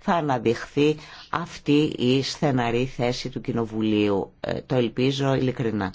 θα αναδειχθεί αυτή η στεναρή θέση του Κοινοβουλίου. Ε, το ελπίζω ειλικρινά.